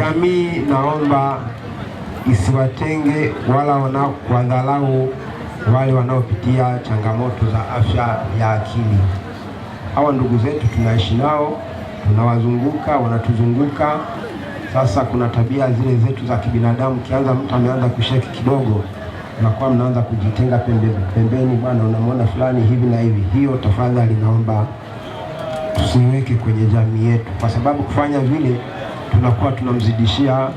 Jamii naomba isiwatenge wala wadharau wale wanaopitia changamoto za afya ya akili. Hawa ndugu zetu tunaishi nao, tunawazunguka, wanatuzunguka. Sasa kuna tabia zile zetu za kibinadamu, kianza mtu ameanza kusheki kidogo, nakuwa mnaanza kujitenga pembeni pembeni, bwana, unamwona fulani hivi na hivi. Hiyo tafadhali naomba tusiweke kwenye jamii yetu, kwa sababu kufanya vile tunakuwa tunamzidishia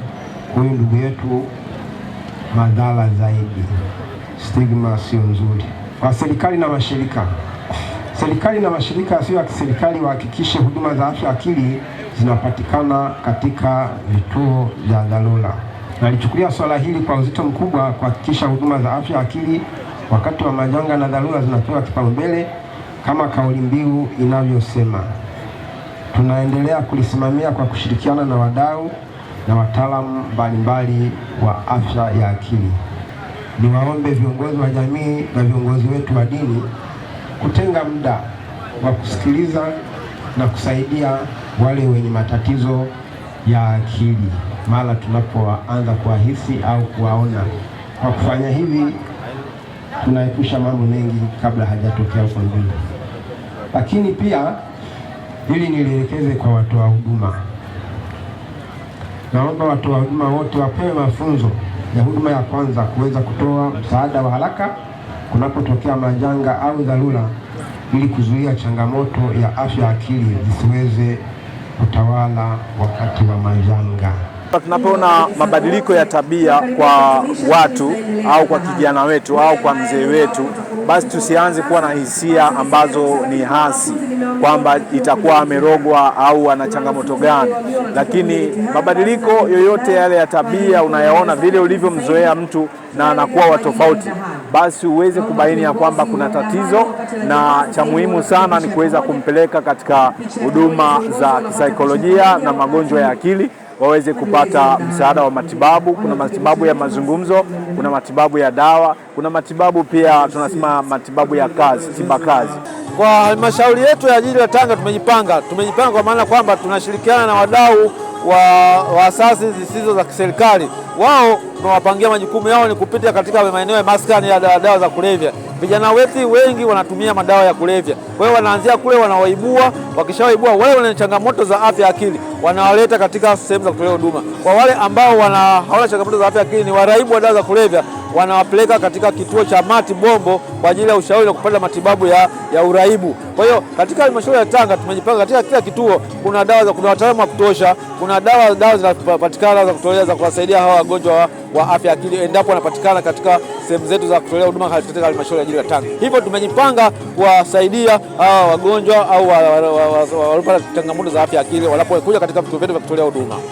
huyu ndugu yetu madhara zaidi. Stigma sio nzuri kwa serikali na mashirika. Serikali na mashirika yasiyo ya kiserikali wahakikishe huduma za afya akili zinapatikana katika vituo vya dharura. Nalichukulia swala hili kwa uzito mkubwa, kuhakikisha huduma za afya akili wakati wa majanga na dharura zinapewa kipaumbele kama kauli mbiu inavyosema. Tunaendelea kulisimamia kwa kushirikiana na wadau na wataalamu mbalimbali wa afya ya akili. Niwaombe viongozi wa jamii na viongozi wetu wa dini kutenga muda wa kusikiliza na kusaidia wale wenye matatizo ya akili mara tunapoanza kuwahisi au kuwaona. Kwa kufanya hivi, tunaepusha mambo mengi kabla hajatokea huko mbele, lakini pia Hili nilielekeze kwa wa huduma. Naomba wa huduma wote wapewe mafunzo ya huduma ya kwanza kuweza kutoa msaada wa haraka kunapotokea majanga au dharura, ili kuzuia changamoto ya afya akili zisiweze kutawala wakati wa majanga. Tunapoona mabadiliko ya tabia kwa watu au kwa kijana wetu au kwa mzee wetu basi tusianze kuwa na hisia ambazo ni hasi kwamba itakuwa amerogwa au ana changamoto gani, lakini mabadiliko yoyote yale ya tabia unayaona vile ulivyomzoea mtu na anakuwa wa tofauti, basi uweze kubaini ya kwamba kuna tatizo, na cha muhimu sana ni kuweza kumpeleka katika huduma za kisaikolojia na magonjwa ya akili waweze kupata msaada wa matibabu. Kuna matibabu ya mazungumzo, kuna matibabu ya dawa, kuna matibabu pia tunasema matibabu ya kazi, tiba kazi. Kwa halmashauri yetu ya jiji la Tanga tumejipanga, tumejipanga kwa maana kwamba tunashirikiana na wadau wa asasi zisizo za kiserikali, wao tunawapangia majukumu yao ni kupita katika maeneo ya maskani ya dawa za kulevya. Vijana wetu wengi wanatumia madawa ya kulevya, kwa hiyo wanaanzia kule, wanawaibua. Wakishawaibua wale wenye changamoto za afya akili, wanawaleta katika sehemu za kutolea huduma. Kwa wale ambao hawana changamoto za afya akili, ni waraibu wa dawa za kulevya wanawapeleka katika kituo cha Mati Bombo kwa ajili ya ushauri na kupata matibabu ya, ya uraibu. Kwa hiyo katika halmashauri ya Tanga tumejipanga katika kila kituo kuna dawa, kuna wataalamu wa kutosha, kuna dawa dawa zinapatikana za kutolea za kuwasaidia hawa wagonjwa wa, afya akili endapo wanapatikana katika sehemu zetu za kutolea huduma katika halmashauri ya jiji la Tanga. Hivyo tumejipanga kuwasaidia hawa wagonjwa au waliopata changamoto za afya akili wanapokuja katika vituo vyetu vya kutolea huduma.